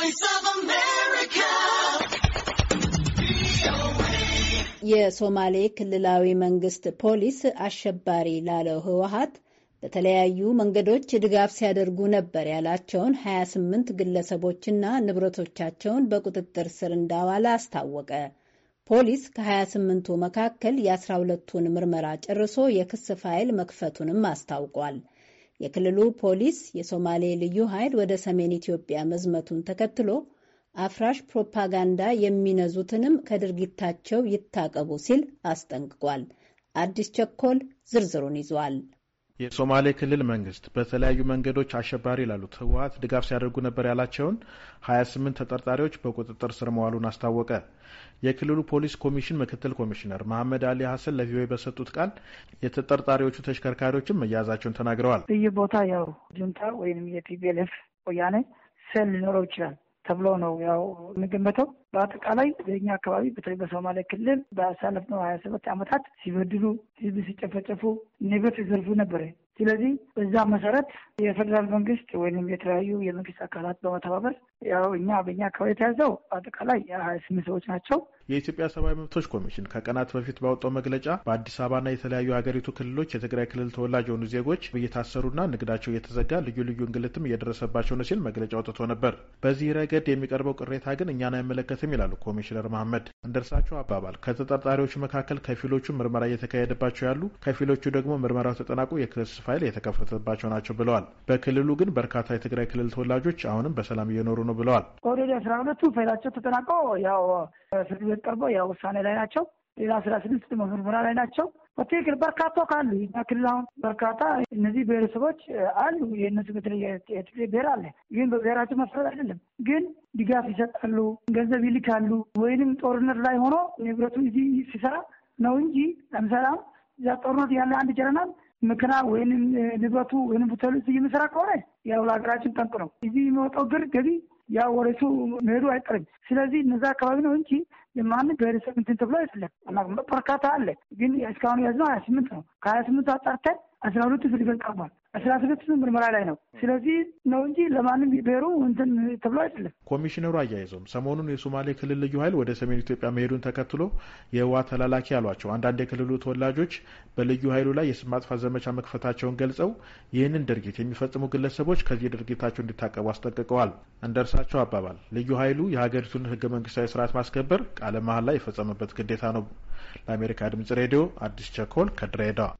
ቮይስ ኦፍ አሜሪካ የሶማሌ ክልላዊ መንግስት ፖሊስ አሸባሪ ላለው ህወሀት በተለያዩ መንገዶች ድጋፍ ሲያደርጉ ነበር ያላቸውን 28 ግለሰቦችና ንብረቶቻቸውን በቁጥጥር ስር እንዳዋለ አስታወቀ። ፖሊስ ከ28ቱ መካከል የ12ቱን ምርመራ ጨርሶ የክስ ፋይል መክፈቱንም አስታውቋል። የክልሉ ፖሊስ የሶማሌ ልዩ ኃይል ወደ ሰሜን ኢትዮጵያ መዝመቱን ተከትሎ አፍራሽ ፕሮፓጋንዳ የሚነዙትንም ከድርጊታቸው ይታቀቡ ሲል አስጠንቅቋል። አዲስ ቸኮል ዝርዝሩን ይዟል። የሶማሌ ክልል መንግስት በተለያዩ መንገዶች አሸባሪ ላሉት ህወሀት ድጋፍ ሲያደርጉ ነበር ያላቸውን 28 ተጠርጣሪዎች በቁጥጥር ስር መዋሉን አስታወቀ። የክልሉ ፖሊስ ኮሚሽን ምክትል ኮሚሽነር መሐመድ አሊ ሀሰን ለቪኦኤ በሰጡት ቃል የተጠርጣሪዎቹ ተሽከርካሪዎችም መያዛቸውን ተናግረዋል። ይህ ቦታ ያው ጁንታ ወይም የቲፒኤልኤፍ ወያኔ ሴል ሊኖረው ይችላል ተብሎ ነው ያው የሚገመተው። በአጠቃላይ በኛ አካባቢ በተለይ በሶማሌ ክልል በአሳለፍነው ሀያ ሰባት ዓመታት ሲበድሉ፣ ህዝብ ሲጨፈጨፉ፣ ንብረት ሲዘርፉ ነበረ። ስለዚህ በዛ መሰረት የፌዴራል መንግስት ወይም የተለያዩ የመንግስት አካላት በመተባበር ያው እኛ በኛ አካባቢ የተያዘው አጠቃላይ ሀያ ስምንት ሰዎች ናቸው። የኢትዮጵያ ሰብአዊ መብቶች ኮሚሽን ከቀናት በፊት ባወጣው መግለጫ በአዲስ አበባና የተለያዩ የሀገሪቱ ክልሎች የትግራይ ክልል ተወላጅ የሆኑ ዜጎች እየታሰሩና ንግዳቸው እየተዘጋ ልዩ ልዩ እንግልትም እየደረሰባቸው ነው ሲል መግለጫ አውጥቶ ነበር። በዚህ ረገድ የሚቀርበው ቅሬታ ግን እኛን አይመለከትም ይላሉ ኮሚሽነር መሐመድ። እንደርሳቸው አባባል ከተጠርጣሪዎች መካከል ከፊሎቹ ምርመራ እየተካሄደባቸው ያሉ፣ ከፊሎቹ ደግሞ ምርመራው ተጠናቆ የክስ ፋይል የተከፈተባቸው ናቸው ብለዋል። በክልሉ ግን በርካታ የትግራይ ክልል ተወላጆች አሁንም በሰላም እየኖሩ ነው ብለዋል። ኦልሬዲ አስራ ሁለቱ ፋይላቸው ተጠናቆ ያው ፍርድ ቤት ቀርቦ ያው ውሳኔ ላይ ናቸው። ሌላ አስራ ስድስት ምርመራ ላይ ናቸው። በትክክል በርካታ ካሉ ክልል አሁን በርካታ እነዚህ ብሔረሰቦች አሉ። የእነሱ በተለይ ብሔር አለ። ግን በብሔራቸው መሰረት አይደለም። ግን ድጋፍ ይሰጣሉ፣ ገንዘብ ይልካሉ። ወይንም ጦርነት ላይ ሆኖ ንብረቱ እዚህ ሲሰራ ነው እንጂ ለምሳሌ አሁን እዛ ጦርነት ያለ አንድ ጀረናል ምክና ወይንም ንብረቱ ወይም ቡተሉ እየሚሰራ ከሆነ ያው ለሀገራችን ጠንቅ ነው። እዚህ የሚወጣው ግር ገቢ ያው ወደሱ መሄዱ አይቀርም። ስለዚህ እነዛ አካባቢ ነው እንጂ የማንም ብሔረሰብ እንትን ተብሎ አይደለም። በርካታ አለ፣ ግን እስካሁን ያዝነው ሀያ ስምንት ነው። ከሀያ ስምንቱ አጣርተን አስራ ሁለቱ ፊሊገን ቀርቧል። አስራ ስድስት ምርመራ ላይ ነው። ስለዚህ ነው እንጂ ለማንም ብሔሩ እንትን ተብሎ አይደለም። ኮሚሽነሩ አያይዘውም ሰሞኑን የሶማሌ ክልል ልዩ ኃይል ወደ ሰሜን ኢትዮጵያ መሄዱን ተከትሎ የህወሓት ተላላኪ ያሏቸው አንዳንድ የክልሉ ተወላጆች በልዩ ኃይሉ ላይ የስም ማጥፋት ዘመቻ መክፈታቸውን ገልጸው ይህንን ድርጊት የሚፈጽሙ ግለሰቦች ከዚህ ድርጊታቸው እንዲታቀቡ አስጠንቅቀዋል። እንደ እርሳቸው አባባል ልዩ ኃይሉ የሀገሪቱን ህገ መንግስታዊ ስርዓት ማስከበር ቃለ ላይ የፈጸመበት ግዴታ ነው። ለአሜሪካ ድምጽ ሬዲዮ አዲስ ቸኮል ከድሬዳዋ